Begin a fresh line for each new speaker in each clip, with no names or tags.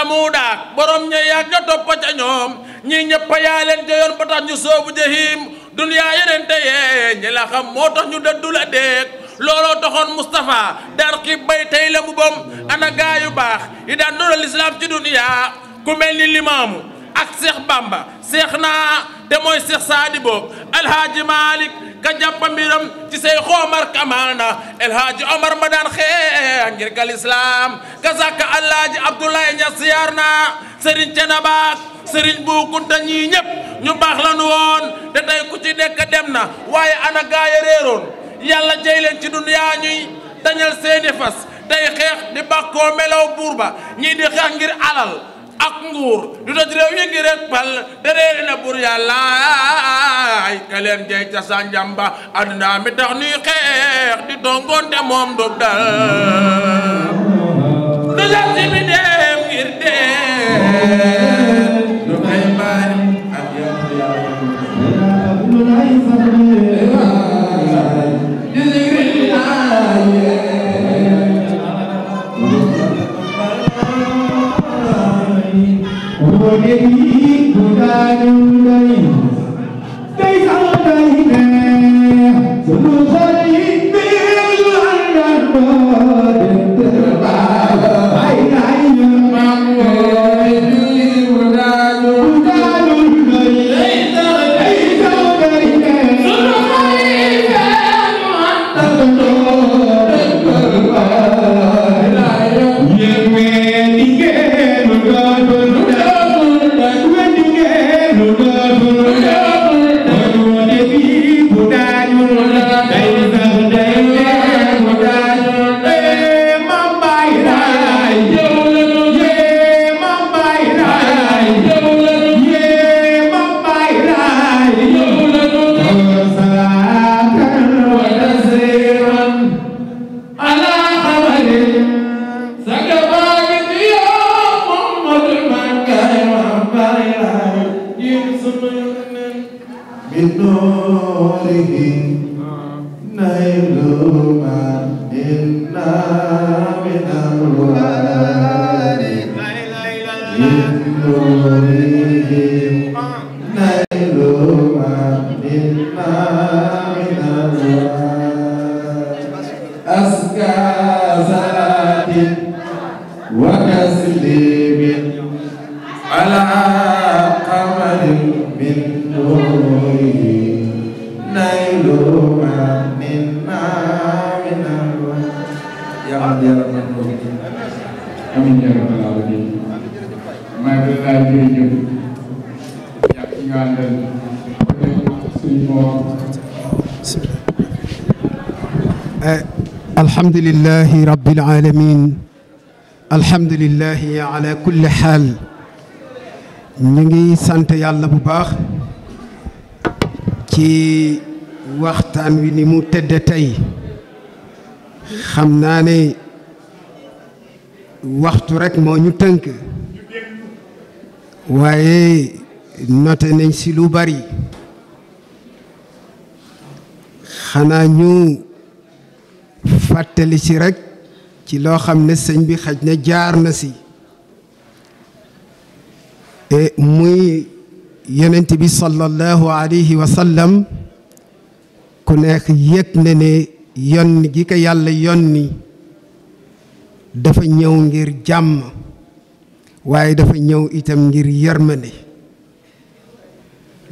samuudaak borom ña yaag ña toppa ca ñoom ñi ñëpp yaa leen ca yoon tax ñu soobu jahim duniyaa yenente yee ñi la xam moo tax ñu dëddu la déeg looloo taxoon Moustapha dar ki tey la mu bom ana gaa yu baax yi daan doona lislaam ci duniyaa ku mel ni limaamu ak Seex Bamba Seex naa te mooy Seex Saadi boobu Alhaaji ka jàppa mbiram ci say xoomar kamaana El Omar ma daan xeex ngir gal islam ka sàkk Alaaji Abdoulaye Ñas na naa Sëriñ Canabaak Sëriñ Bu ñii ñëpp ñu baax lañu woon te tey ku ci nekk dem na waaye ana gaaya réeroon yàlla jëy leen ci dunyaa ñuy dañal seeni fas tey xeex di bàkkoo melaw buur ba ñii di xeex ngir alal ak nguur du toj réew yi ngi pal te na bur yàllaay te leen jey ca sa mi tax nuy xeex di dongoonte moom du dal du sa si bi dem ngir dee
الحمد لله رب العالمين أه، الحمد لله على كل حال نيغي سانت يالا بو باخ waxtaan wi ni mu tëdd tey xam naa ne waxtu rekk moo ñu tënk waaye note nañ ci lu bari xanaa ñu fàttali ci rekk ci loo xam ne sëñ bi xaj na jaar na ci muy yonent bi sallallahu alayhi wa sallam ku nekk yëg na ne yonni gi ko yàlla yonni dafa ñëw ngir jàmm waaye dafa ñëw itam ngir yërmande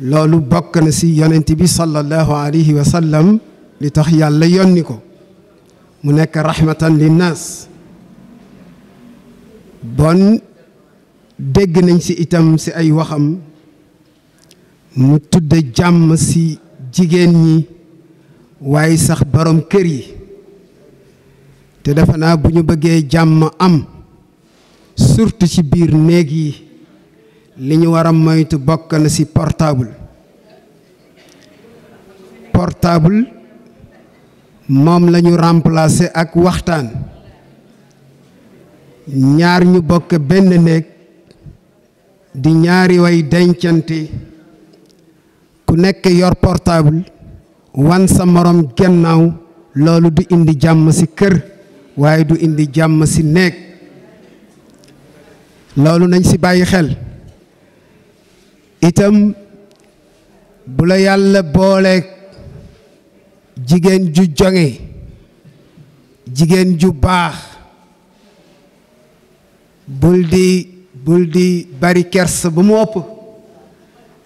loolu bokk na ci yonent bi sallallahu alayhi wa li tax yàlla yonni ko mu nekk rahmatan linnaas bon dégg nañ ci itam ci ay waxam mu tudde jàmm ci jigéen ñi waaye sax borom kër yi te defe naa bu ñu bëggee jàmm am surtout ci biir néeg yi li ñu war a moytu bokk na ci portable portable moom lañu ñu ak waxtaan ñaar ñu bokk benn néeg di ñaari way dencante ku nekk yor portable wan sa morom gennaaw loolu du indi jàmm ci kër waaye du indi jàmm ci néeg loolu nañ ci bàyyi xel itam bu la yàlla booleeg jigéen ju joŋe jigéen ju baax bul di bari kers ba mu ëpp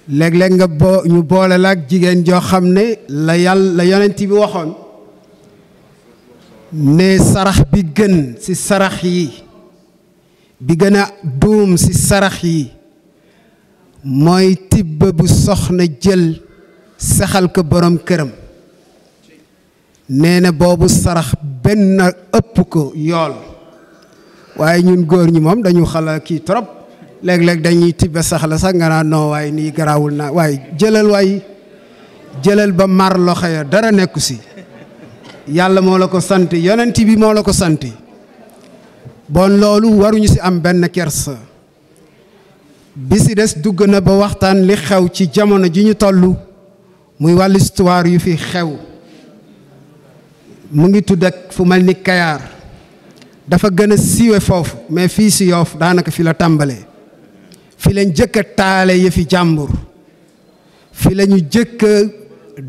léeg-léeg nga boo ñu boole la ak jigéen joo xam ne la yàlla la yonent bi waxoon ne sarax bi gën ci sarax yi bi gën a duum ci sarax yi mooy tibb bu soxna jël saxal ko boroom këram neena na boobu sarax benn ëpp ko yool waaye ñun góor ñi moom dañu xala kii trop léeg-léeg dañuy tibbe saxla sax nga naan non waaye nii garaawul naa waaye jëlal waay jëlal ba mar loxo ya dara nekku si yàlla moo la ko sant yonent bi moo la ko sant bon loolu waruñu si am benn kers bi si des dugg na ba waxtaan li xew ci jamono ji ñu toll muy wàllu histoire yu fi xew mu ngi tudd ak fu mel ni Kayaar dafa gën a siiwe foofu mais fii si Yoff daanaka fi la tàmbalee fi lañ jëkk a taale yëfi jàmbur fi lañu jëkk a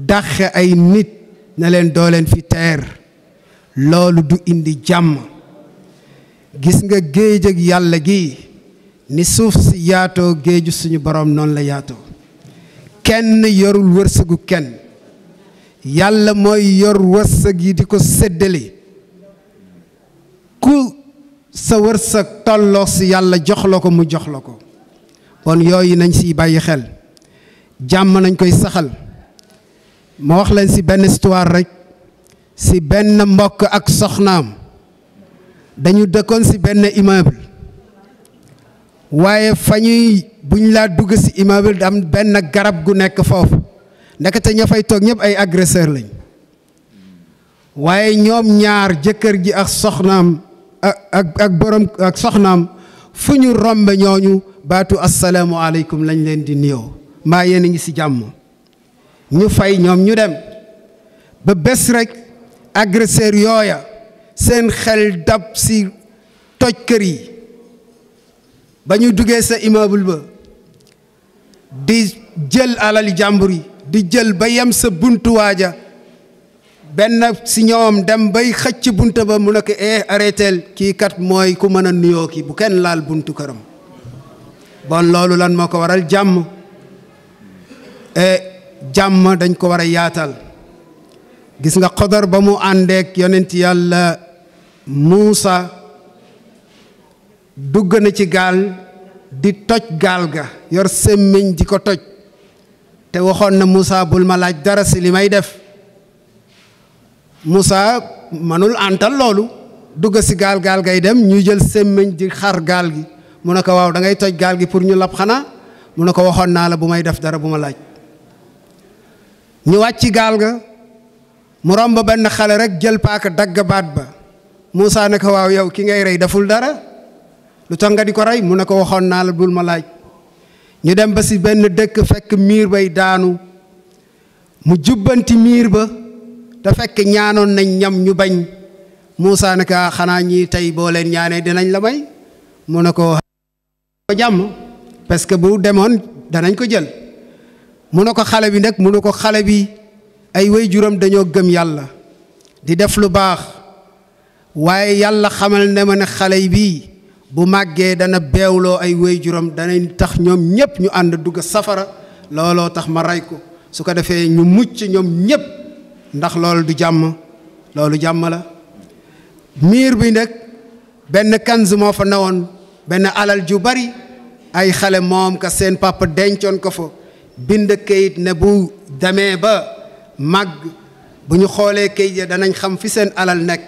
dàqe ay nit na leen doo leen fi teer loolu du indi jàmm gis nga géej ak yàlla gi ni suuf si yaatoo géeju suñu borom noon la yaatoo kenn yorul wërsëgu kenn yàlla mooy yor wërsëg yi di ko séddale ku sa wërsëg tolloo si yàlla jox la ko mu jox la ko kon yooyu nañ siy bàyyi xel jàmm nañ koy saxal ma wax leen si benn histoire rek si benn mbokk ak soxnaam dañu dëkkoon si benn immeuble waaye fa ñuy buñ laa dugg si immeuble am benn garab gu nekk foofu ndekete ña fay toog ñëpp ay agresseur lañ waaye ñoom ñaar jëkkër ji ak soxnaam ak ak soxnaam fu ñu rombe ñooñu baatu asalaamualeykum lañ leen di nuyoo maa yéen a ngi ci jàmm ñu fay ñoom ñu dem ba bés rekk agresseur yooya seen xel dab si toj kër yi ba ñu duggee sa immeuble ba di jël alali jàmbur yi di jël ba yem sa buntu waaja benn si ñoom dem bay xëcc bunt ba mu ne ko eh kii kat mooy ku mën a nuyoo ki bu kenn laal buntu këram bon loolu lan moo ko waral jàmm e jàmm dañ ko war a yaatal gis nga xodar ba mu àndeek yonent yàlla Muusa dugg na ci gaal di toj gaal ga yor semmiñ di ko toj te waxoon na Muusa bul ma laaj dara si li may def Muusa mënul àntal loolu dugg si gaal gaal gay dem ñuy jël semmiñ di xar gaal gi mu ne ko waaw da ngay toj gaal gi pour ñu lab xanaa mu ne ko waxoon naa la bu may def dara bu ma laaj ñu wàcc gaal ga mu romb benn xale rek jël paaka dagg baat ba Moussa ne ko waaw yow ki ngay rey deful dara lu tax nga di ko rey mu ne ko waxoon naa la bul ma laaj ñu dem ba si benn dëkk fekk miir bay daanu mu jubbanti miir ba te fekk ñaanoon nañ ñam ñu bañ Moussa ne ah, xanaa ñii tey boo leen ñaanee dinañ la may mu ne ko ko jàmm parce que bu demoon danañ ko jël mu ne ko xale bi nag mu ne ko xale bi ay waajuram dañoo gëm yàlla di def lu baax waaye yàlla xamal ne ma ne xale bii bu màggee dana beewloo ay waajuram danañ tax ñoom ñëpp ñu ànd dugg safara looloo tax ma rey ko su ko defee ñu mucc ñoom ñëpp ndax loolu du jàmm loolu jàmm la miir bi nag benn kanz moo fa newoon benn alal ju bari ay xale moom ka seen papa dencoon ko fa bind kayit ne bu demee ba màgg bu ñu xoolee kayit ya danañ xam fi seen alal nekk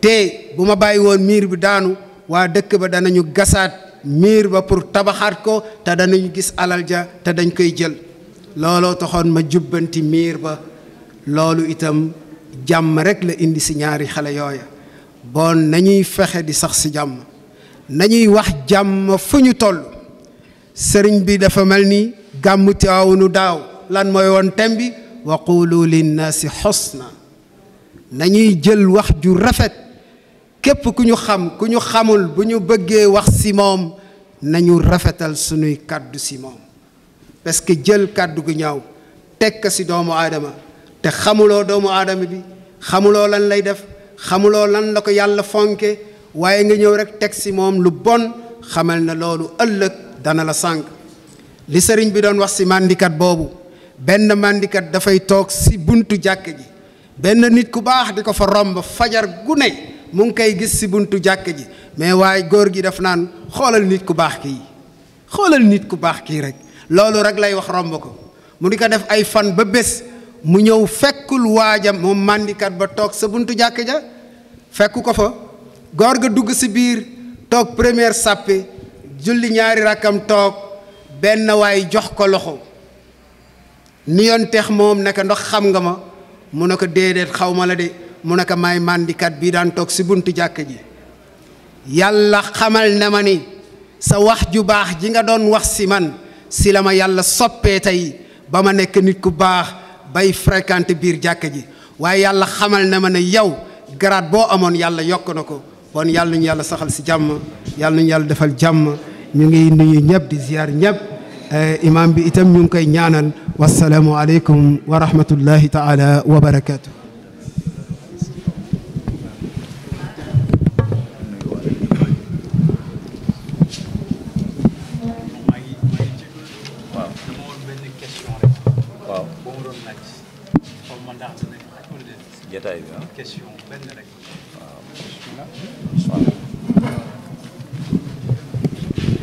te bu ma bàyyi woon miir bi daanu waa dëkk ba danañu gasaat miir ba pour tabaxaat ko te danañu gis alal ja te dañ koy jël looloo taxoon ma jubbanti miir ba loolu itam jàmm rekk la indi si ñaari xale yooya bon nañuy fexe di sax si jàmm nañuy wax jàmm fu ñu toll sëriñ bi dafa mel ni gàmm Tiwaawunu daaw lan mooy woon tem bi wa qulu linnaasi xusna nañuy jël wax ju rafet képp ku ñu xam ku ñu xamul bu ñu bëggee wax si moom nañu rafetal suñuy kàddu si moom parce que jël kàddu gu ñaaw teg ko si doomu aadama te xamuloo doomu aadama bi xamuloo lan lay def xamuloo lan la ko yàlla fonke waaye nga ñëw rek teg si moom lu bon xamal na loolu ëllëg dana la sànq li sëriñ bi doon wax si màndikat boobu benn màndikat dafay toog si buntu jàkk ji benn nit ku baax di ko fa romb fajar gu ne mu ngi koy gis si buntu jàkk ji mais waaye góor gi daf naan xoolal nit ku baax kii xoolal nit ku baax kii rek loolu rek lay wax romb ko mu di ko def ay fan ba bés mu ñëw fekkul waajam moom màndikat ba toog sa buntu jàkk ja fekku ko fa gor ga dugg tok biir toog première sàppe julli ñaari rakam toog benn waay jox ko loxo nuyoon teex moom ne ko ndox xam nga ma mu ne ko déedéet xaw la de mu ne ko maay màndikat bii daan toog si buntu jàkk ji yàlla xamal ne ma ni sa wax ju baax ji nga doon wax si man si la ma yàlla soppee tey ba nit ku baax bay fréquenté biir jàkk ji waaye xamal ne ma yow garaat boo amoon yàlla yokk na kon yàlla ñu yàlla saxal ci jàmm yàlla ñu yàlla defal jàmm ñu ngi nuyu ñëpp di ziar ñëpp imam bi itam ñu ngi koy ñaanal wassalamu alaykum wa rahmatullahi taala wa barakatuh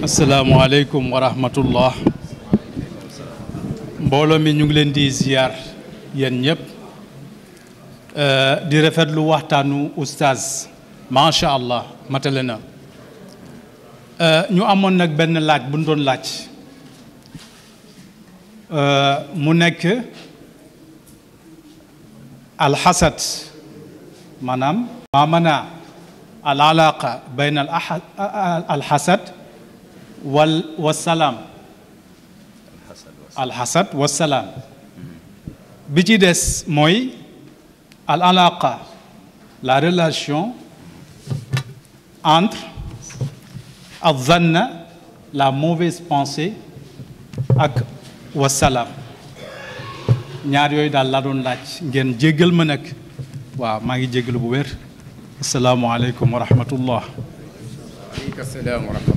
asalaamualeykum wa rahmatullah mbooloo mi ñu ngi leen di ziar yéen ñëpp eh, di rafetlu waxtaanu oustaz macha allah matale na eh, ñu amoon nag benn laaj bu ñu doon laaj eh, mu nekk alxasad maanaam maamana al alaqa bayna al alxasad وال والسلام الحسد والسلام بيجي دس موي العلاقة la relation entre الظن la mauvaise pensée ak wasalaam ñaar yoy dal la doon laaj ngeen jéggel ma nak waaw ma ngi jéggalu bu wér assalamu alaykum alaykum wa rahmatullah assalam wa rahmatullah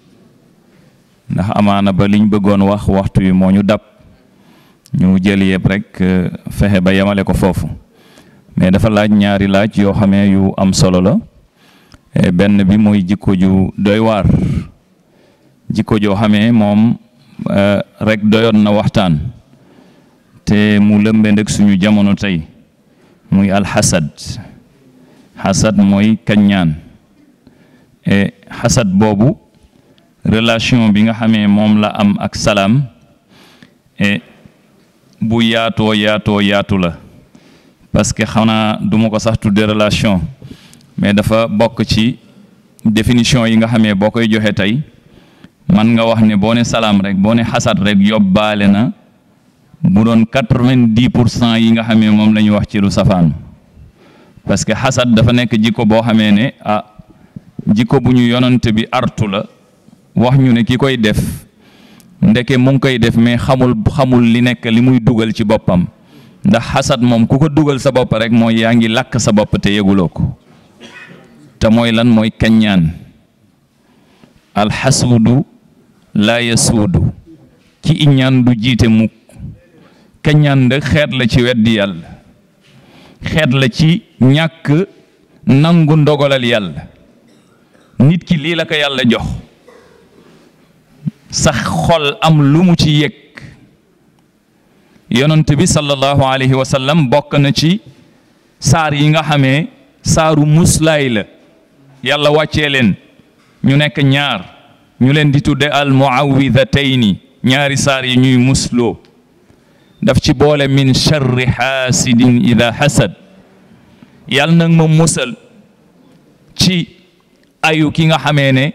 ndax amaana ba liñ bëggoon wax waxtu wi moñu dab ñu jël yëpp rek euh, fexé ba yamalé ko fofu mais dafa laaj ñaari laaj yo xamé yu am solo la benn bi moy jikko ju doy war jikko jo xamé mom euh, rek doyon na waxtaan te mu lëmbe ndek suñu jamono moy muy hasad hasad moy kanyan e hasad bobu relation bi nga xamee moom la am ak salaam et bu yaatoo yaatoo yaatu la parce que xanaa duma ko sax de relation mais dafa bokk ci définition yi nga xamee boo koy joxe tey man nga wax ne boo ne salaam rek boo ne xasad rek yobbaale na bu doon quatre-vingt-dix pour cent yi nga xamee moom la ñu wax ci lu safaan parce que xasad dafa nekk jikko boo xamee ne ah jikko bu ñu yonante bi artu la wax ñu ne kikoy def ndeke mu ngi koy def mais xamul xamul li nek li muy dugal ci bopam ndax hasad mom kuko duggal dugal sa bop rek moy yaangi lak sa bop te yeguloko ta moy lan moy mooy al hasudu la yasudu ki iñaan du jiite mukk kaññaan de xet la ci weddi yàlla xet la ci ñak nangu ndogolal yàlla nit ki li la ko yalla jox sa xol am lu mu ci yëg yonent bi sallallahu alayhi wa bokk na ci saar yi nga xamee saaru muslaay la yàlla wàccee leen ñu nekk ñaar ñu leen di tudde al muawidatayni ñaari saar yi ñuy musloo daf ci boole min charri xaasidin ida xasad yàlla nag ma musal ci ayu ki nga xamee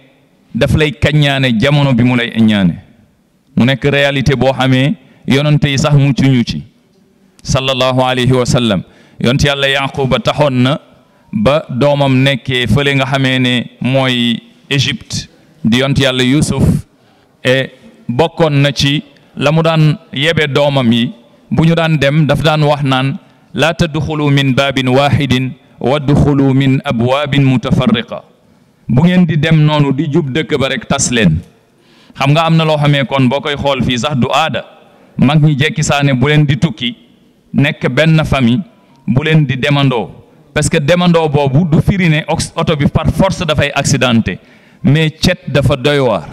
daf lay kaññaane jamono bi mu lay ñaane mu nekk réalité boo xamee yonante yi sax muccuñu ci sallallahu alayhi wa sallam yont yàlla yaquba taxoon ba domam nekkee fële nga xamee ne mooy Égypte di yont yàlla Yusuf e bokon na ci la daan yebe doomam yi bu ñu daan dem daf daan wax naan laa tadxulu min baabin waxidin wadxulu min abwaabin mutafarriqa bu ngeen di dem noonu di jub dëkk ba rek tas leen xam nga am na loo xamee kon boo koy xool fii sax du aada mag ñi jekki saa ne bu leen di tukki nekk benn famille bu leen di demandoo parce que demandoo boobu du firine ne oto bi par force dafay accidenté mais cet dafa doy waar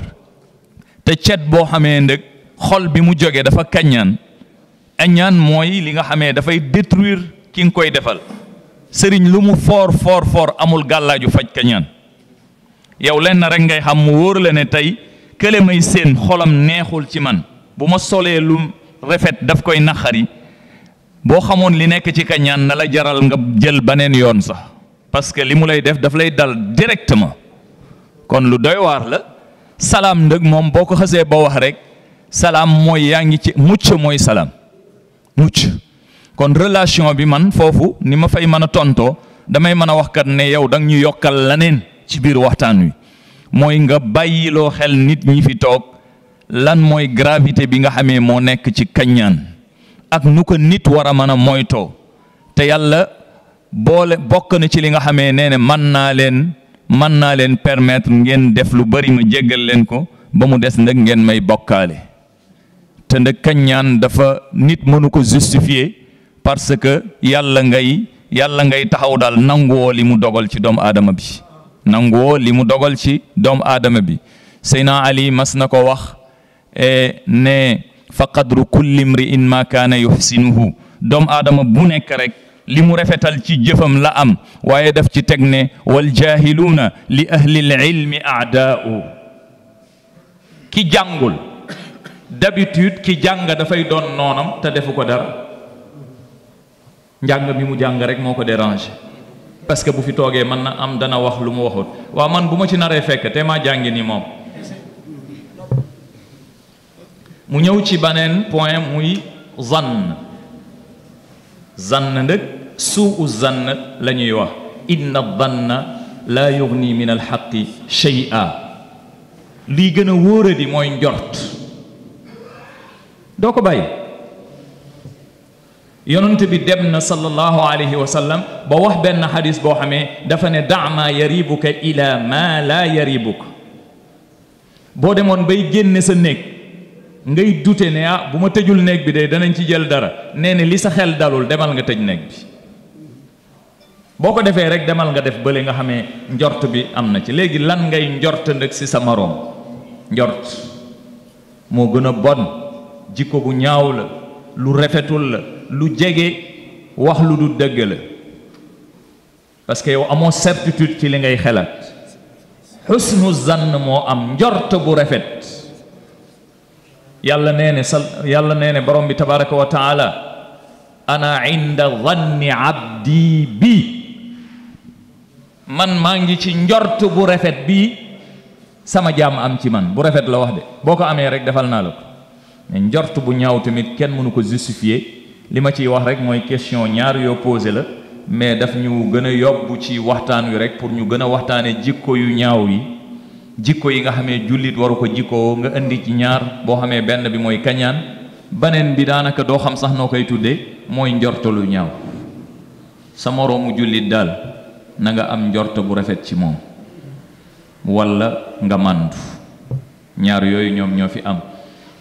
te cet boo xamee ndëg xol bi mu jógee dafa kaññaan añaan mooy li nga xamee dafay détruire ki nga koy defal sëriñ lu mu foor foor foor amul gàllaaju faj kañaan yow lenn rek ngay xam mu wóor la ne tey kële may séen xolam neexul ci man bu ma solee lu rafet daf koy naqari boo xamoon li nekk ci kañaan na la jaral nga jël beneen yoon sax parce que li mu lay def daf lay dal directement kon lu doy waar la salaam ndëg moom boo ko xasee ba wax rek salaam mooy yaa ngi ci mucc mooy salaam mucc kon relation bi man foofu ni ma fay mën a tontoo damay mën a wax kat ne yow danga ñu yokkal leneen ci biir waxtaan wi mooy nga bàyyiloo xel nit ñi fi toog lan mooy gravité bi nga xamee moo nekk ci kaññaan ak nu ko nit war a mën a moytoo te yàlla boole bokk na ci li nga xamee nee ne mën naa leen mën naa leen permettre ngeen def lu bari ma jéggal leen ko ba mu des nag ngeen may bokkaale te nag kaññaan dafa nit mënu ko justifier parce que yàlla ngay yàlla ngay taxaw daal nanguwoo li mu dogal ci doomu aadama bi nango limu dogal ci dom adama bi sayna Ali mas na ko wax ne fa kulli imrin ma kana yuhsinuhu dom adama bu nek rek limu refetal ci jëfam la am waye daf ci teg wal jahiluna li ahli al ilm a'da'u ki jàngul d'habitude ki janga da fay don nonam ta defuko dara njàng bi mu jàng rek moko déranger parce que bu fi toogee mën na am dana wax lu mu waxut waa man bu ma ci naree fekk te maa jàngi ni moom mu ñëw ci beneen point muy zann zann ndëg suu zann la ñuy wax inna zanna laa yugni min alxaqi shay'a lii gën a wóoradi mooy njort doo ko bàyyi yonent bi dem na sallallahu alayhi wa sallam ba wax benn xadis boo xamee dafa ne dama yaribuka ila ma la yaribuk boo demoon bay génne sa néeg ngay dute ne ah bu ma tëjul néeg bi de danañ ci jël dara nee ne li sa xel dalul demal nga tëj néeg bi boo ko defee rek demal nga def bële nga xamee njort bi am na ci léegi lan ngay njort nag si sa moroom njort moo gën a bon jikko bu ñaaw la lu rafetul la lu jégué wax lu du dëgg la parce que yow amo certitude ci li ngay xelat husnu zann mo am njort bu rafet yàlla nee sal yàlla nee borom bi tabarak wa taala ana inda zanni abdi bi man maa ngi ci njort bu rafet bi sama jam am ci man bu rafet la wax de boko amé rek defal na la ko bu ñaaw tamit kenn mënu ko justifier li ma ciy wax rek mooy question ñaar yoo posé la mais daf ñu gën a yóbbu ci waxtaan wi rek pour ñu gën a waxtaanee jikko yu ñaaw yi jikko yi nga xamee jullit waru ko jikkoo nga indi ci ñaar boo xamee benn bi mooy kañaan beneen bi daanaka doo xam sax noo koy tudde mooy njorto lu ñaaw sa moroomu jullit daal na nga am njorto bu rafet ci moom walla nga màndu ñaar yooyu ñoom ñoo fi am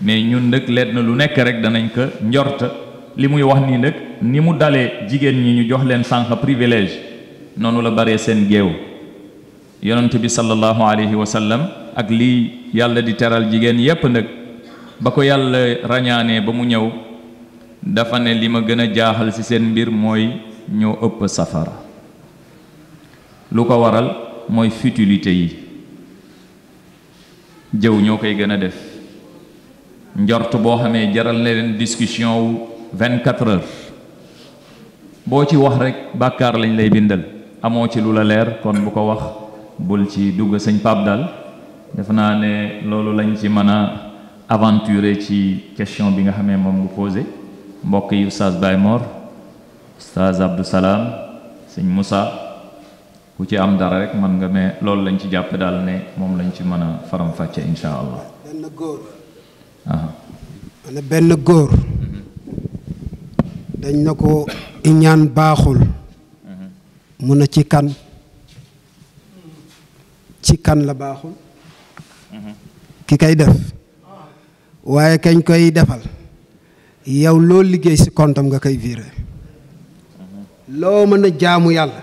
mais ñun nag leet na lu nekk rek danañ ko njorta li muy wax nii nag ni mu dalee jigéen ñi ñu jox leen sànq privilège noonu la baree seen géew yonent bi sallallahu alayhi wa sallam ak lii yàlla di teral jigéen yépp nag ba ko yàlla rañaanee ba mu ñëw dafa ne li ma gën a jaaxal ci seen mbir mooy ñoo ëpp safara lu ko waral mooy futilité yi jëw ñoo koy gën a def njort boo xamee jaral na leen discussion 24 heures boo ci wax rek bàkkaar lañ lay bindal amoo ci lu la leer kon bu ko wax bul ci dugg sëñ Pape daal def naa ne loolu lañ ci mën a aventurer ci question bi nga xamee moom nga posé mbokk yi oustaz Baye Mor oustaz Abdou Salam sëñ Moussa ku ci am dara rek man nga mais loolu lañ ci jàpp daal ne moom lañ ci mën a faram fàcce insha allah
benn góor dañ na ko iñaan baaxul mu ne ci kan ci kan la baaxul ki kay def waaye kañ koy defal yow loo liggéey si kontam nga koy viré loo mën a jaamu yàlla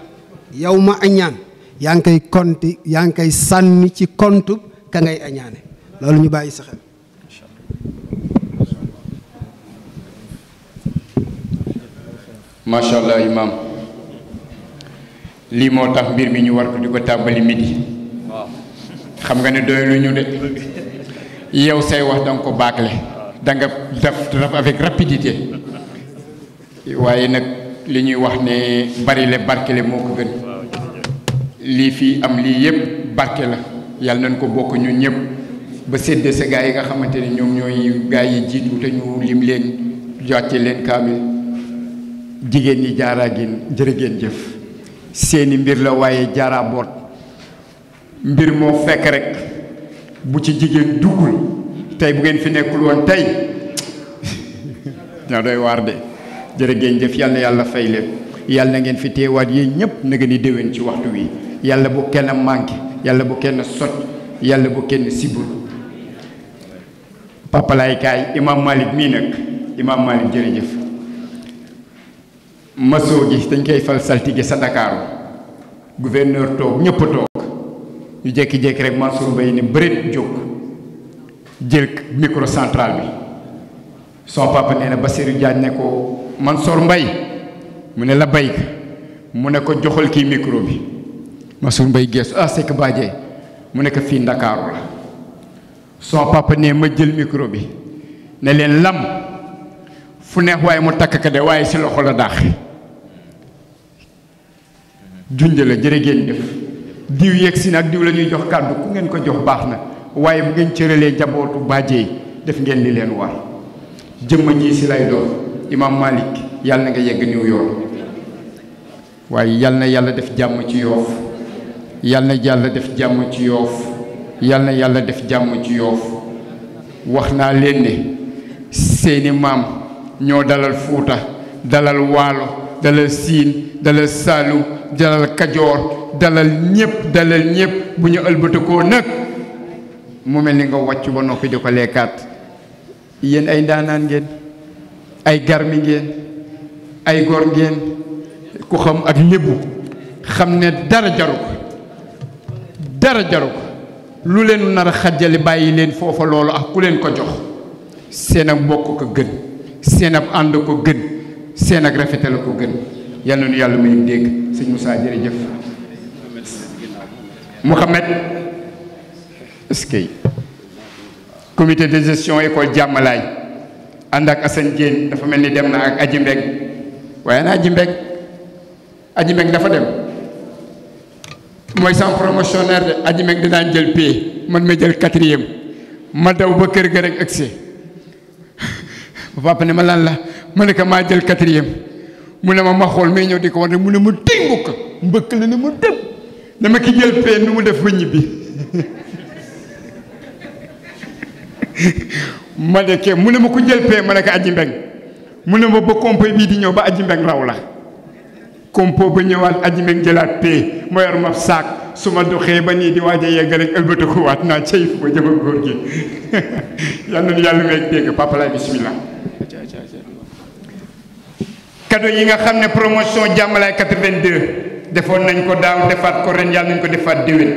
yow ma añaan yaa ngi koy konti yaa ngi koy sànni ci kontu ka ngay añaane loolu ñu bàyyi sa
macha allah imaam lii moo tax mbir mi ñu war ko di ko tàmbali midi xam nga ne doy ñu de yow say wax danga ko baacle da nga def avec rapidité waaye nag li ñuy wax ne bari le barke le moo ko gën lii fii am lii yëpp barke la yàlla nañ ko bokk ñun ñëpp ba séddee sa gaa yi nga xamante ne ñoom ñooy gaa yi jiitu te lim leen jàcce leen kaamil jigéen ñi jaaraa gin jërë jëf seeni mbir la waaye jaaraa mbir moo fekk rek bu ci jigéen duggul tey bu ngeen fi nekkul woon tey na doy waar de jërë ngeen jëf yal yàlla fay leen yàlla na ngeen fi teewaat yi ñëpp na ngeen di déwén ci waxtu wi yàlla bu kenn manqué yàlla bu kenn sot yàlla bu kenn sibul papalaay kaay imaam Malick mii nag imaam Malick jërëjëf masoo gi dañ koy fal saltige sa Ndakaaru gouverneur toog ñëpp toog ñu jékki-jékki rek Mansour Mbaye ni bërit jóg jël micro central bi son papa nee na Bassirou Diagne ne ko Mansour mbay mu ne la bay mu ne ko joxal kii micro bi Mansour mbay geesu ah c'est que Badji mu ne ko fii Ndakaaru la son papa ne ma jël micro bi ne leen lam fu neex waaye mu takk ka de waaye si loxo la daax junj la jërë ngeen def diw yeeg si nag diw la jox kàddu ku ngeen ko jox baax na waaye bu ngeen cëralee def ngeen li leen war jëmma ñii lay imam malik yal na nga yegg niw yoon waaye yàlla na yàlla def jàmm ci yoof yal na yàlla def jàmm ci yoof yal na yàlla def jàmm ci yoof wax naa leen ne seeni dalal fuuta dalal waalo dalal sin, dalal salu, dalal kajor, dalal nyep, dalal nyep, bu ñu ëlbatakoo nag mu melni nga waccu ba nopi diko lekat yeen ay ndanan ngeen ay garmi ngeen ay gor ngeen ku xam ak lébu xam dara jaru dara jaru lu leen nara xajali leen ak ku leen ko jox seen ak ko gën seen ko gën seen ak rafetal ko gën yàlla na nu yàlla may dégg sëñ Moussa jërëjëf Mouhamed eskey comité de gestion école jàmmalaay ànd ak Assane Diène dafa mel ni dem na ak Aji waaye na Aji Mbeg Aji Mbeg dafa dem mooy sans promotionnaire de Aji Mbeg dinaa jël pay man ma jël quatrième ma daw ba kër ga rek agsi papa ne ma lan la ma ne ko maa jël quatrième mu ne ma maxool xool ñëw di ko mun rek mu ne ma téngu ko mbëkk dama ki jël nu mu def ba ñibbi ma ne ke mu ne ma ku jël ma nekk ko aji mbeng mu ne ma ba compo bii di ñëw ba aji mbeng raw la compo ba ñëwaat aji mbeng jëlaat pee ma yor ma saak su ma doxee ba nii di waaj a yegg rek ëlbatikuwaat naa cey fu ma jëm góor gi yal na nu yàlla may dégg papa laay cadeau yi nga xam ne promotion jàmmalaay 82 defoon nañ ko daaw defaat ko ren yàlla ko defaat déwén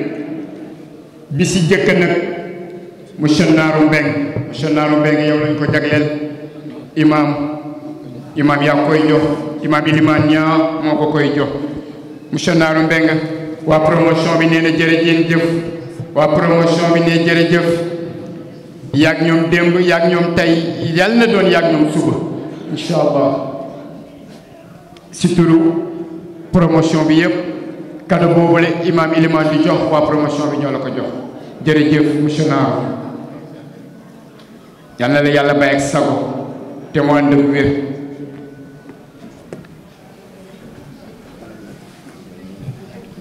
bi si jëkk nag monsieur Naaru Mbeng monsieur Naaru Mbeng yow lañ ko jagleel imaam imaam yaa koy jox imaam Ilimaan ñaa moo ko koy jox monsieur Naaru Mbeng waa promotion bi nee na jërëjëf waa promotion bi nee jërëjëf yaag ñoom démb yaag ñoom tey yàlla na doon yàgg ñoom suba incha si turu promotion bi yëpp kado boobule imaam ilimaan di jox waa promotion bi ñoo la ko jox jërëjëf monsieur Naar yal na la yàlla bàyyi ak sago te mu ànd ak wér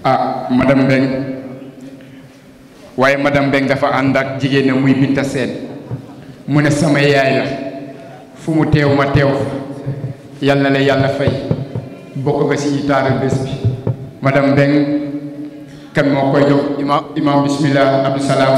ah madame waaye madame dafa ànd ak jigéen ña muy Binta Seen mu ne sama yaay la fu mu teew ma teew yal na la yàlla fay bokk nga si taaru bés bi madame Mbeng kan moo koy jox imaam imaam bismillah abdou salaam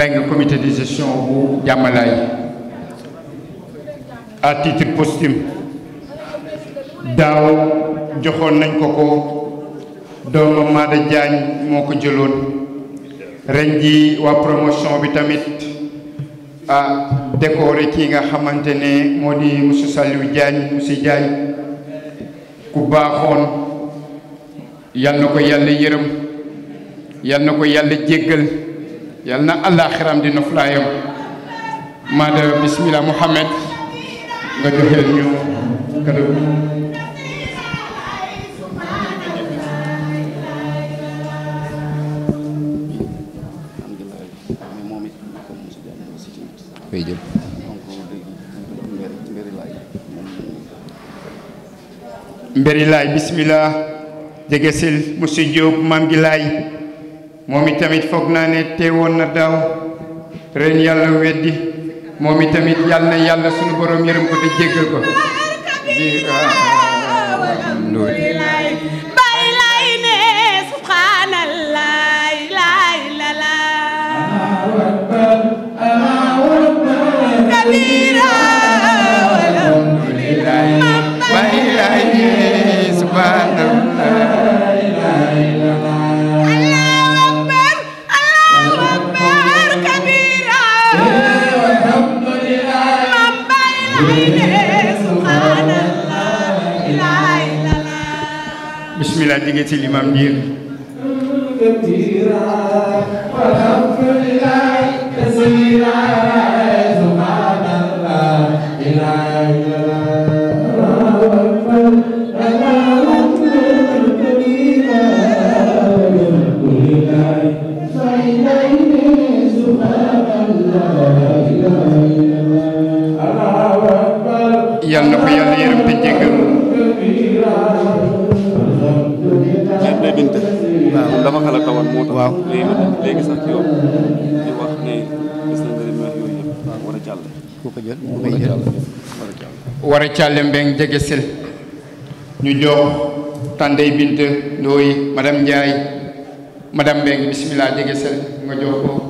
Mbengue comité de gestion bu Diamalaye à titre posthume daaw joxoon nañ ko ko doomam Maada Diagne moo ko jëloon ren ji waa promotion bi tamit a décoré kii nga xamante ne moo di monsieur Saliou Diagne monsieur Diagne ku baaxoon
yal na ko yàlla yërëm
yal na ko yàlla jéggal yal na àllaaxiram di noflaayam maa de bismillah Mouhamed nga joxeel ñu kàddu mberi laay bismillah jege sil monsieur Diop maam gi moom i tamit foog naa ne teewoon daaw ren yàlla weddi moom itamit yàlla na yàlla suñu borom yërëm ko te jéggal ko di Amém. laa jóge ci limam ñiir waaw
dama xala tawat moo tax. waaw léegi sax yow di wax ne gis yooyu yëpp war a jàll. ku ko jël ku koy jël
war a jàll Mbengue jege ñu jox Tandey Binte Ndoye madame Ndiaye madame Mbengue bisimilah jege nga jox ko.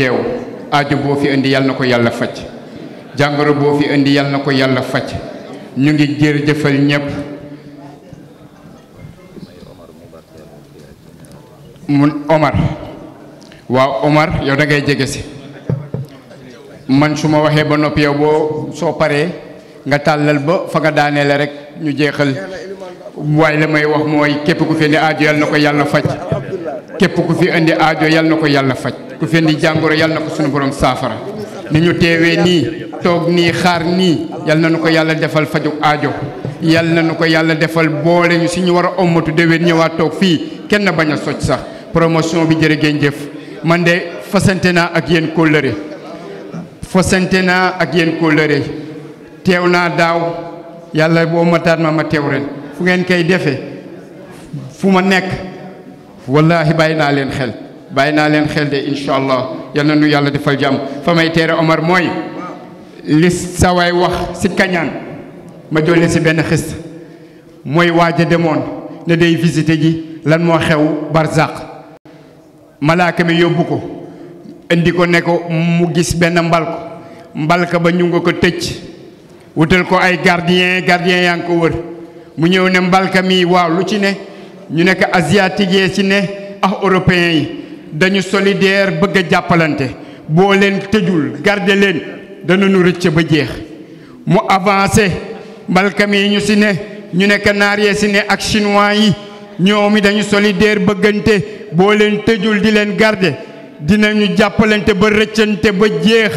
teew aajo boo fi indi yàlla na ko yàlla faj jàngoro boo fi indi yàlla na ko yàlla faj ñu ngi jërëjëfal ñëpp mun Omar waaw Omar yow da jege si man su ma waxee ba noppi yow boo soo paree nga tàllal ba fa nga daaneele rek ñu jeexal waaye la may wax mooy képp ku fi indi aajo yàlla na ko yàlla faj képp ku fi indi aajo na ko yàlla faj ku fi indi jàngoro yàlla na ko suñu borom saafara ni ñu teewee nii toog nii xaar nii yàlla na ko yàlla defal fajug aajo yàlla na nu ko yàlla defal boole si ñu war a ommatu déwén ñëwaat toog fii kenn bañ a socc sax promotion bi jërë ngeen jëf man de fasante naa ak yéen kóllëre fasante naa ak yéen kóllëre teew naa daaw yàlla boo ma ma ma teew ren fu ngeen koy defe fu ma nekk wallaahi bàyyi naa leen xel. bàyyi naa leen xel de incha allah yal na nu yàlla defal jàmm fa may teere Omar mooy li sa waay wax si kañaan ma doole si benn xis mooy waaj a demoon ne day visiter ji lan moo xew barzaq malaaka mi yóbbu ko indi ko ne ko mu gis benn mbalko mbalka ba ñu nga ko tëj wutal ko ay gardien gardien yaa ngi ko wër mu ñëw ne mbalka mi waaw lu ci ne ñu nekk asiatique yee ci ne ah européen yi dañu solidaire bëgg jàppalante boo leen tëjul garde leen danañu rëcc ba jeex mu avancé mbalkam yi ñu si ne ñu nekk kanaar yee si ne ak chinois yi ñoom i dañu solidaire bëggante boo leen tëjul di leen garde dinañu jàppalante ba rëccante ba jeex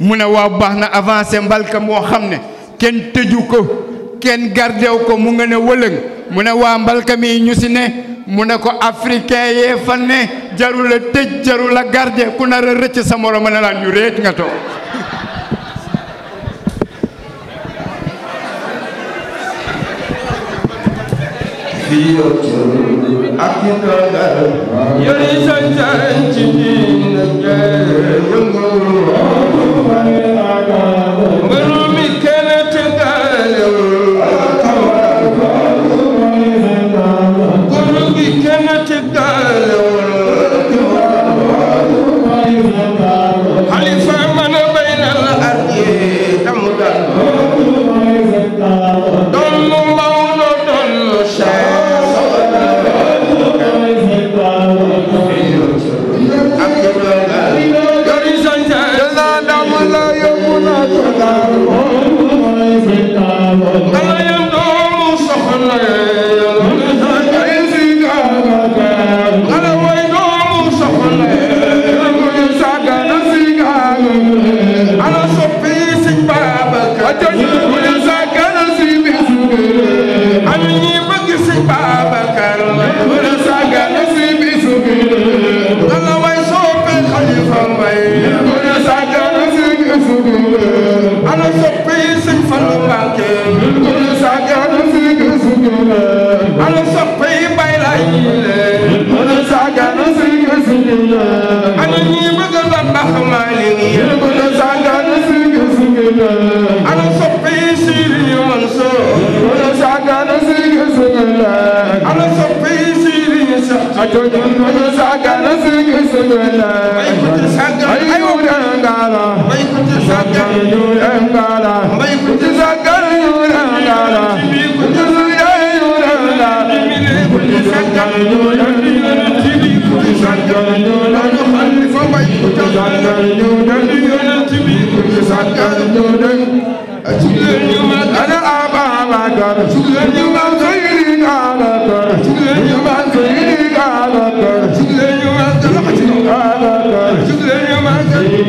mu ne waa baax na avancé mbalkam moo xam ne kenn tëju ko kenn gardew ko mu nga ne wëlëng mu ne waa mbalkam yi ñu si ne mu ne ko africain yee fan ne jaru la tëj jaru ku nar a rëcc sa morom ne laan ñu réet nga toog
على صفي سيريس أجود من ساقا نسك سبلا أيوة أنقالا كنت ساقا يقول أنقالا كنت ساقا يقول أنقالا كنت ساقا يقول أنقالا كنت ساقا يقول أنقالا كنت ساقا يقول أنقالا كنت ساقا يقول أنقالا كنت ساقا يقول أنقالا أنا أبا ما قال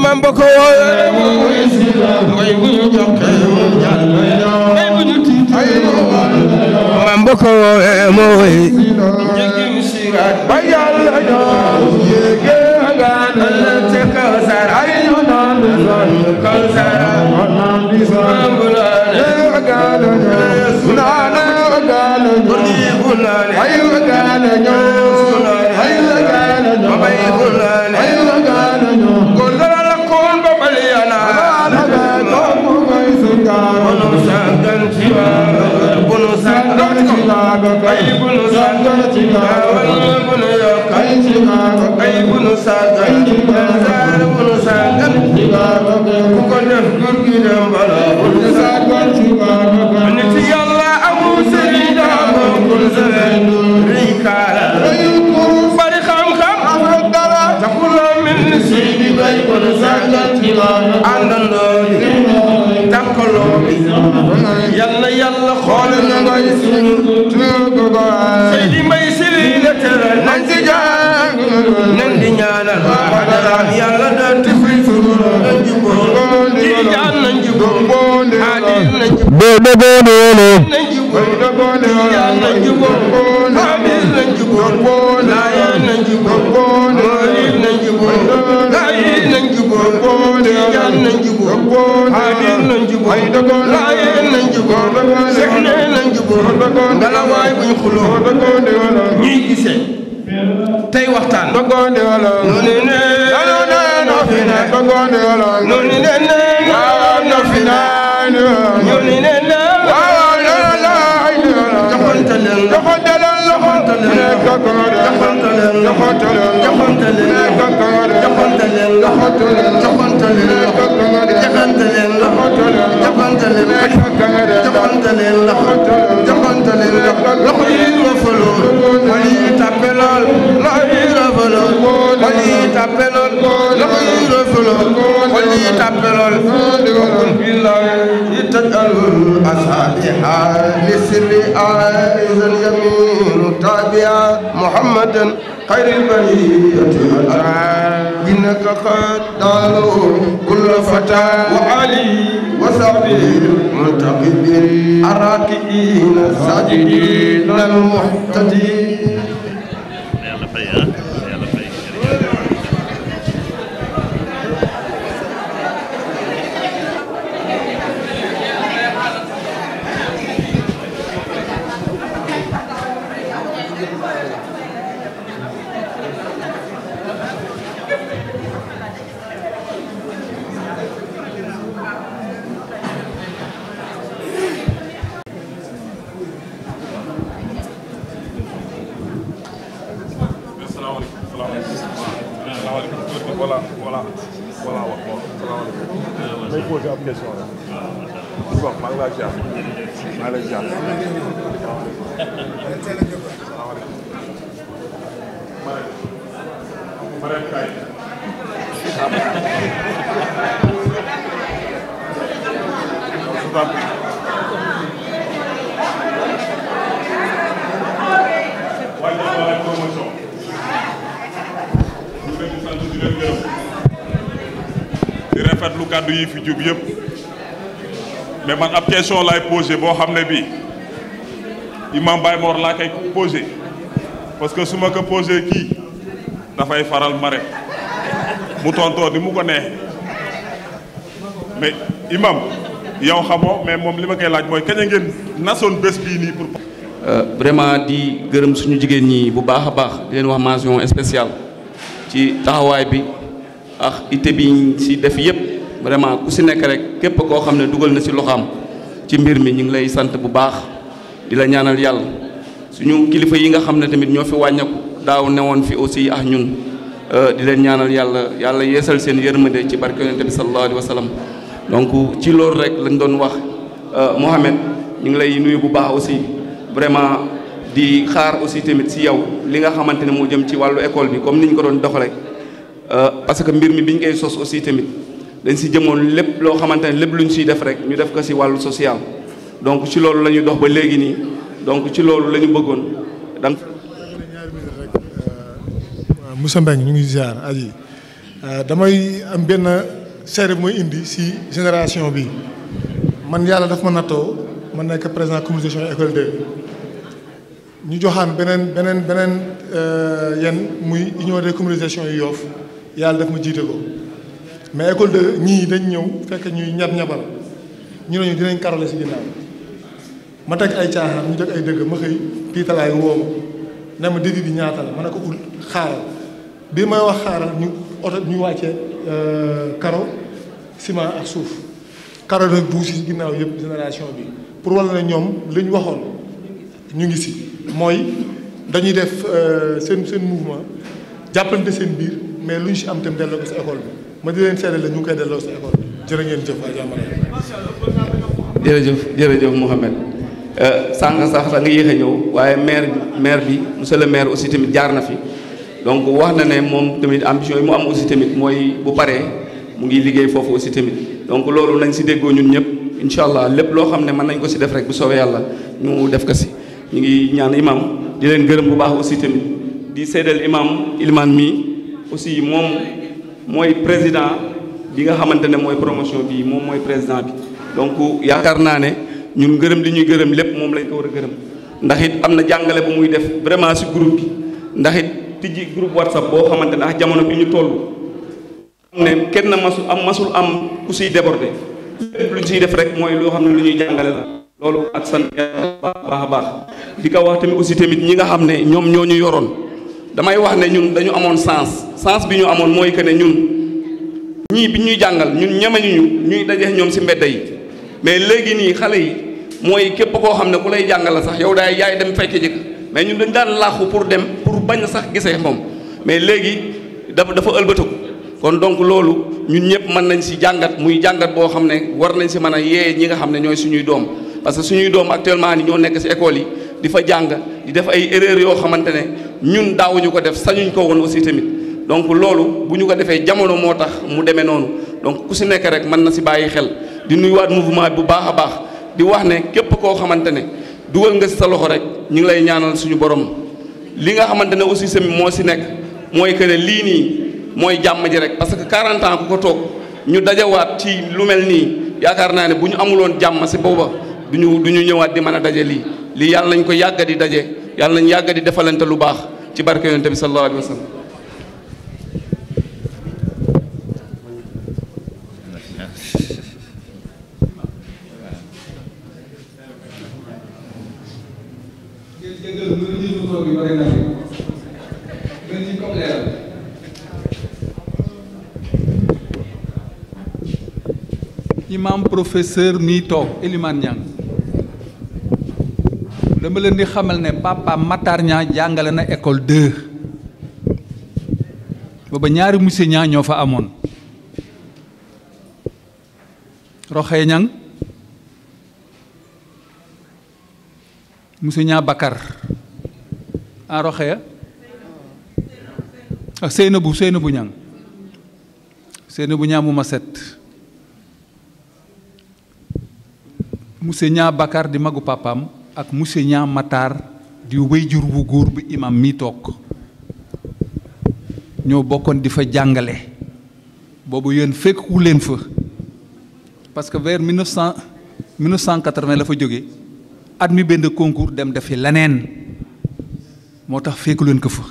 mam boko way buñu joxe mam boko mo way jegim sirat bayal yo yege ngana te kawsar ay yonan zon kawsar mam bulane ngana galo nyo ayo galo nyo ayo galo nyo ayo galo nyo gondala la kon ba baliyana ala galo ko koy sika ono sangan chiwa bono sangan chiwa ay bono sangan chiwa ay bono ay chiwa ay bono sangan chiwa zar bono sangan chiwa ko ko def gurgi dem bala bono sangan chiwa
Bo bo bo no no way na boole yal na jubóo
Habib na jubóo Laayeen na jubóo Maalif na jubóo Laayeen na jubóo Tijaan na jubóo Habib na jubóo Laayeen na jubóo Sexne na jubóo Ngalawaay buñ xuloo ñuy gisee tey waxtaan nu ni ne noo fi ne nu ni ne noo fi ne ñu ni ne leen joxante leen joxante leen joxante leen joxante leen joxante leen joxante leen joxante leen joxante leen joxante leen joxante leen loxo yi ma faloo wala yi tàppe lool loxo yi ma faloo wala yi tàppe lool loxo yi ma faloo wala yi tàppe lool وكن بالله تجعل أصابها لسر عائز اليمين تابعا محمدا خير البرية الأنعام إنك قد دالوا كل فتى وعلي وسعدي منتقب الراكعين الساجدين المحتدين
kàddu yi fi jub yëpp mais man ab question laay poser, boo xam ne imam Baye Mor laa parce que su ma ko posé kii dafay faral Marème mu tontoo ni mu ko neex mais imam yow xamoo mais moom li ma koy laaj mooy kañ ngeen nasoon bés bii nii pour. Euh, vraiment di gërëm suñu jigéen ñi bu a baax di leen wax mention spéciale ci taxawaay bi ak ité bi ñu def yëpp vraiment ku ci nek rek kep ko xamne ne na si loxam ci mbir mi ñing lay sante bu baax di ñaanal yalla suñu kilifa yi nga xamne ne tamit ñoo fi wàññeeku daaw neewon fi aussi ah ñun euh, di leen ñaanal yalla yalla yeesal seen yermande ci barke yonente bi sallallahu alaihi wasallam donc ci lool rek lañ doon wax euh, Mohamed mohammed ñing lay nuyu bu baax aussi vraiment di xaar aussi tamit ci yow li nga xamantene mo jëm ci walu école bi comme ni ko doon doxale euh, parce que mbir mi biñ koy sos aussi tamit dañ si jëmoon lépp loo xamante ne lépp lu ñu siy def rek ñu def ko si wàllu social donc ci loolu lañuy ñuy dox ba léegi nii donc ci loolu lañu bëggoon donc.
Moussa Mbengue ñu ngi ziar aji euh, damay am benn seere muy indi si génération bi man yàlla daf ma nattoo ma nekk président communication école 2 ñu joxaan beneen beneen beneen euh, yenn muy union des communication yu yoof yàlla daf ma jiite ko. mais école de ñii dañ ñëw fekk ñuy ñab ñabal ñu ne ñu dinañ karale si ginnaaw ma teg ay caaxaan ñu teg ay dëgg ma xëy tiitalaay woowu ne ma didi di ñaata la ma ne ko ut xaaral bii may wax xaaral ñu oto ñu wàcce euh, karo ciment ak suuf karo nag duus si ginnaaw yëpp génération bi pour wala na ñoom li ñu waxoon ñu ngi si mooy dañuy def euh, seen seen mouvement jàppante seen biir mais lu ñu si am tam delloo ko si école bi ma di leen seedeel ñu ngi koy delloo sa école jërë
jëf ak jàmm
jërëjëf jërëjëf Mouhamed euh, sànq sax da nga yéex a ñëw waaye maire maire bi monsieur le maire aussi tamit jaar na fi donc wax na ne moom tamit ambition yi mu am aussi tamit mooy bu paree mu ngi liggéey foofu aussi tamit donc loolu nañ si déggoo ñun ñëpp incha allah lépp loo xam ne mën nañ ko si def rek bu soobee yàlla ñu def ko si ñu ngi ñaan imam di leen gërëm bu baax aussi tamit di seedeel imam ilman mi aussi moom mooy président bi nga xamante ne mooy promotion bii moom mooy président bi donc yaakaar naa ne ñun gërëm li ñuy gërëm lépp moom lañ ko war a gërëm ndax it am na jàngale bu muy def vraiment si groupe bi ndax it tijji groupe whatsapp boo xamante ne ak jamono bi ñu toll am ne kenn masul am masul am ku siy débordé lu ñu siy def rek mooy loo xam ne lu ñuy jàngale la loolu ak sant baax a baax di ko wax tamit aussi tamit ñi nga xam ne ñoom ñoo ñu yoroon damay wax ne ñun dañu amoon sens sens bi ñu amoon mooy que ne ñun ñii bi ñuy jàngal ñun ñu ñuy daje ñoom si mbedd yi mais léegi nii xale yi mooy képp koo xam ne ku lay jàngale sax yow daay yaay dem fekke jëkk mais ñun dañu daan laaxu pour dem pour bañ sax gisee moom mais léegi dafa dafa ëlbatiku kon donc loolu ñun ñëpp mën nañ ci jàngat muy jàngat boo xam ne war nañ si mën a yee ñi nga xam ne ñooy suñuy doom parce que suñuy doom actuellement ni ñoo nekk si école yi di fa jàng di def ay erreurs yoo xamante ne ñun daawuñu ko def sañuñ ko woon aussi tamit donc loolu bu ko jamono moo tax mu demee noonu donc ku si nekk rek mën na si bàyyi xel di nuyuwaat mouvement bu baax baax di wax ne képp koo ne nga sa loxo rek ngi lay ñaanal suñu borom li nga xamante ne aussi sami mo si nekk mooy que ne lii nii mooy jàmm ji rek parce que 40 ans ku ko toog ñu dajawaat ci lu ne bu ñu amuloon jàmm si ñëwaat di mën a lii yàlla nañ ko yàgg di daje yàlla nañ yàgg di defalante lu baax ci barke yonent bi sallallahu alayhi
professeur mi toog Elimane Niang dama leen di xamal ne papa matarnya jangale na école 2 ba ñaari monsieur Niang ñoo fa amone ñang monsieur Bakar a roxee a Seynabou Seynabou ñang Seynabou Niang mu ma set monsieur Bakar di magu papam ak monsieur Niang Matar di wéyjur bu góor bu imam mi toog ñoo bokkoon di fa jàngale boobu yéen fekku leen fa parce que vers mille neuf cent mille la fa jóge at mi benn concours dem defi leneen moo tax fekku ko fa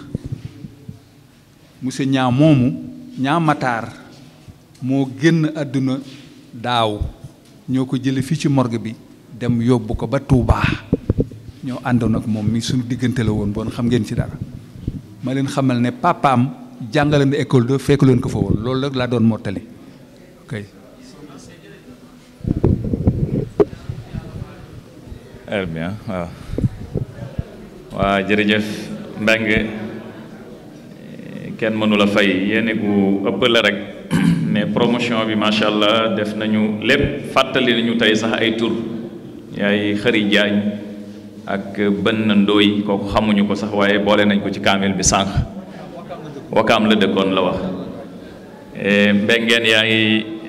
monsieur Niang moomu Niang Matar moo génn àdduna daaw ñoo ko jële fii ci morgo bi dem yóbbu ko ba Touba. ñoo àndoon ak moom mi suñu diggante la woon bon xam ngeen ci dara ma leen xamal ne papaam jàngale na école de fekk leen ko fa woon loolu rek laa doon mottali ok.
waa jërëjëf Mbengue kenn mënu la fay yéene gu ëpp la rek mais promotion bi macha allah def nañu lépp fàttali nañu tey sax ay tur yaay xëri jaañ ak bënn ndóoy kooku xamuñu ko sax waaye boole nañ ko ci kaamil bi sànq wakaam la dëkkoon la wax eh, mbengeen yaa ngi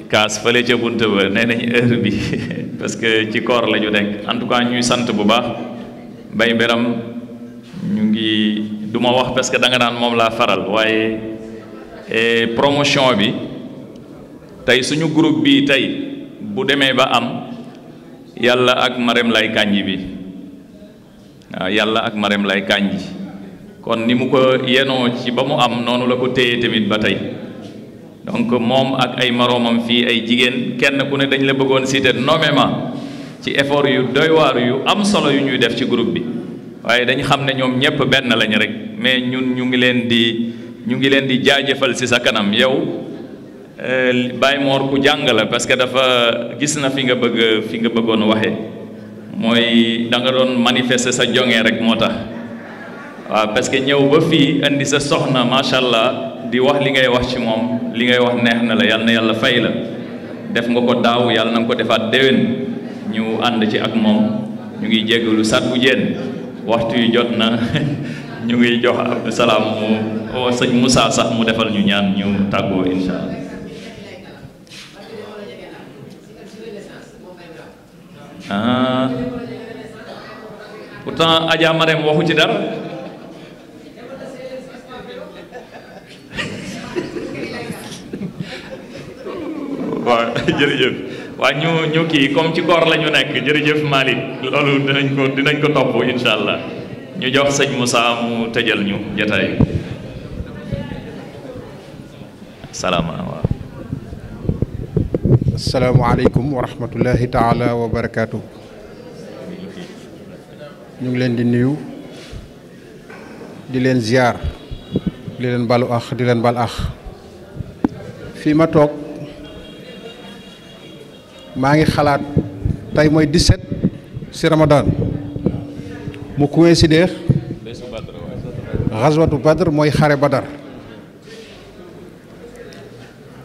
kaas fële ca bunt ba nee nañ heure bi parce que ci koor la ñu nekk en tout cas ñuy sant bu baax bay beram ñu ngi du ma wax parce que da nga moom laa faral waaye eh, promotion bi tey suñu groupe bi tey bu demee ba am yàlla ak Marème lay kàññi bi waaw ah, yàlla ak Marème lay kànj kon ni mu ko yenoo ci ba mu am noonu la ko téye tamit ba tey donc moom ak ay moroomam fii ay jigéen kenn ku ne dañ la bëggoon citer nommément ci effort yu doy yu am solo yu ñuy def ci groupe bi waaye dañ xam ne ñoom ñépp benn lañu rek mais ñun ñu ngi leen di ñu ngi leen di jaajëfal ci sa kanam yow eh, Baye Mor ku jàng la parce que dafa gis na fi nga bëgg fi nga bëggoon waxee Moy da nga doon manifester sa jonge rek motax wa parce que ñew ba fi andi sa soxna macha di wax li ngay wax ci mom li ngay wax neex na la yalla na yalla fay la def nga ko daw yalla nang ko defat dewen ñu and ci ak mom ñu ngi jéggelu sat bu jenn waxtu yu jot na ñu ngi jox salam mu o oh, seigne Moussa sax mu defal ñu ñaan ñu taggo inshallah ah pourtant Adja Marème waxu ci dara waaw jërëjëf waa ñu ñu kii comme ci koor la ñu nekk jërëjëf Malick loolu dinañ ko dinañ ko topp incha allah ñu jox sëñ Moussa mu tëjal ñu jataay salaamaaleykum
Assalamualaikum warahmatullahi taala wa ñu ngi leen di nuyu di leen ziar di leen balu ax di leen bal ax fi ma tok ma ngi xalaat tay moy 17 ci Ramadan mu coïncider xaswatu Badr moy xare Badar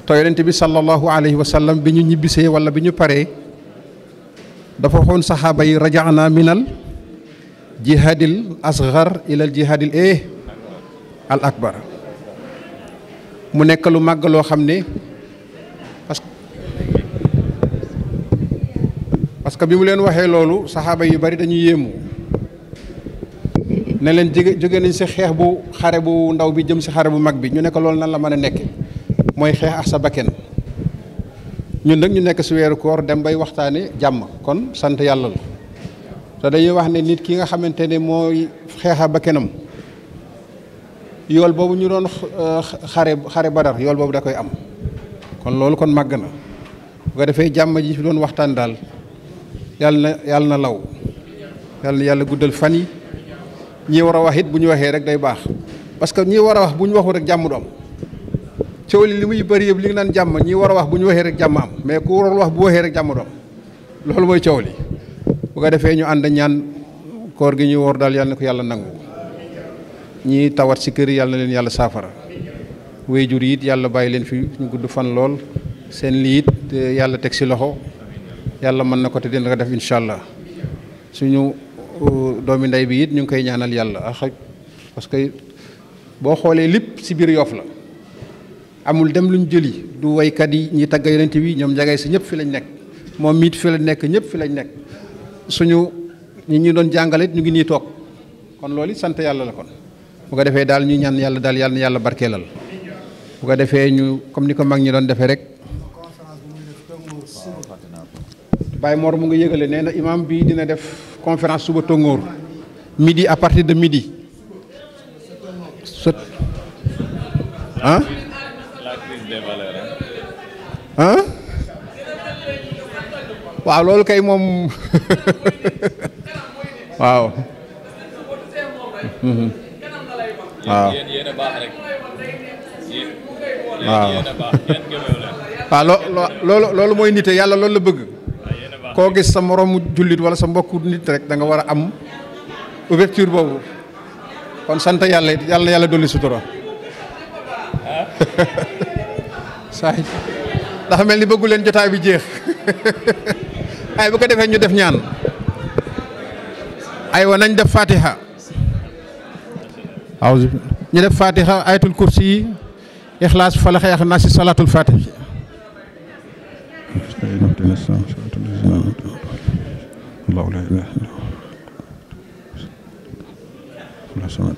te yonent bi sallallahu alayhi wa sallam bi ñu ñibbisee wala bi ñu paree dafa xoon saxaaba yi rajaana minal jihadil asgar ilal jihadil eh al akbar mu nekk lu màgg loo xam ne parce que parce que bi mu leen waxee loolu saxaaba yu bari dañuy yéemu ne leen jóge jóge nañ si xeex bu xare bu ndaw bi jëm si xare bu mag bi ñu nekk loolu nan la mën a nekke mooy xeex ak sa bakken ñun nag ñu nekk si weeru koor dem bay waxtaane jàmm kon sant yàlla la te dañuy wax ne nit ki nga xamante ne mooy xeexa bakkenam yool boobu ñu doon eh, xare xare badar yool boobu da koy am kon loolu kon màgg na bu ko defee jàmm ji fi doon waxtaan daal yàlla na yàlla na law yàlla na yàlla guddal fan yi ñi war a wax it bu ñu waxee rek day baax parce que ñi war a wax bu ñu waxul rek jàmm du ciowli limuy bari yeb li nga naan jàmm ñi war wax bu waxe rek jamam mais ku warul wax bu waxe rek jam do loolu moy ciowli bu ko defé ñu and ñaan koor gi ñu wor dal yalla na ko yàlla nangu ñi tawat ci kër yalla na leen yàlla saafara wéyjur yi it yàlla leen fi ñu gudd fan lool seen li yit yalla tek ci loxo yalla man nako te dina def inshallah suñu uh, doomi nday bi yit ñu koy ñaanal yalla yàlla parce que bo xolé lepp ci bir yof la amul dem luñ jëli du kat yi ñi tagga yonent bi ñom njagay ci ñëpp fi lañ nek mom mit fi lañ nek ñëpp fi lañ nek suñu ñi ñu doon jangalet ñu ngi ni tok kon loolu sante yalla la kon bu ko defé dal ñu ñaan yalla dal yalla yalla yàlla bu ko defé ñu comme niko mag ñi doon defé rek bay Mor mu nga néna imam bi dina def conférence suba tongor midi à partir de midi ah ah waaw loolu kay moom waaw waaw waaw lo loolu loolu mooy nite yàlla loolu la bëgg koo gis sa moroomu jullit wala sa mbokku nit rek da nga war a am ouverture boobu kon sant yàlla yàlla yàlla dolli sutura saay ndax mel ni bëggu leen jotaay bi jeex ay bu ko defee ñu def ñaan aywa nañ def fatiha aw ñu def fatiha ayatul kursi yi ixlaas falax yax naa si salaatul fatihi
الله لا اله الا هو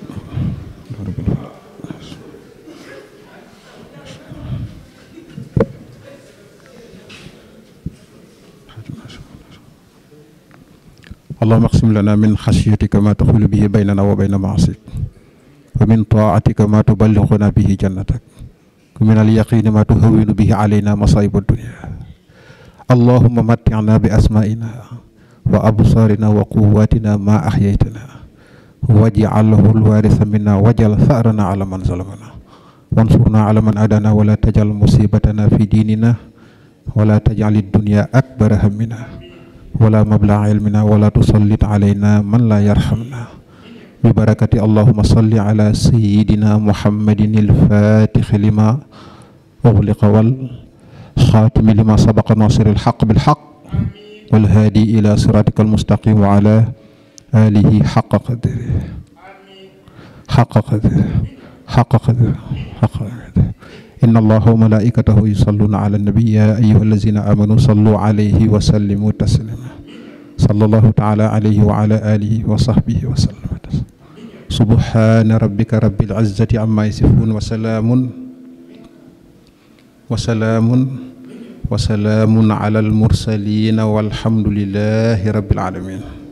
اللهم اقسم لنا من خشيتك ما تخل به بيننا وبين معصيك ومن طاعتك ما تبلغنا به جنتك ومن اليقين ما تهون به علينا مصائب الدنيا اللهم متعنا بأسمائنا وأبصارنا وقواتنا ما أحييتنا واجعله الوارث منا واجعل ثأرنا على من ظلمنا وانصرنا على من أدانا ولا تجعل مصيبتنا في ديننا ولا تجعل الدنيا أكبر همنا ولا مبلغ علمنا ولا تسلط علينا من لا يرحمنا ببركة اللهم صل على سيدنا محمد الفاتح لما أغلق والخاتم لما سبق ناصر الحق بالحق والهادي إلى صراطك المستقيم وعلى آله حق قدره حق قدره حق قدره حق قدره إن الله وملائكته يصلون على النبي يا أيها الذين آمنوا صلوا عليه وسلموا تسليما صلى الله تعالى عليه وعلى آله وصحبه وسلم سبحان ربك رب العزة عما يصفون وسلام وسلام وسلام على المرسلين والحمد لله رب العالمين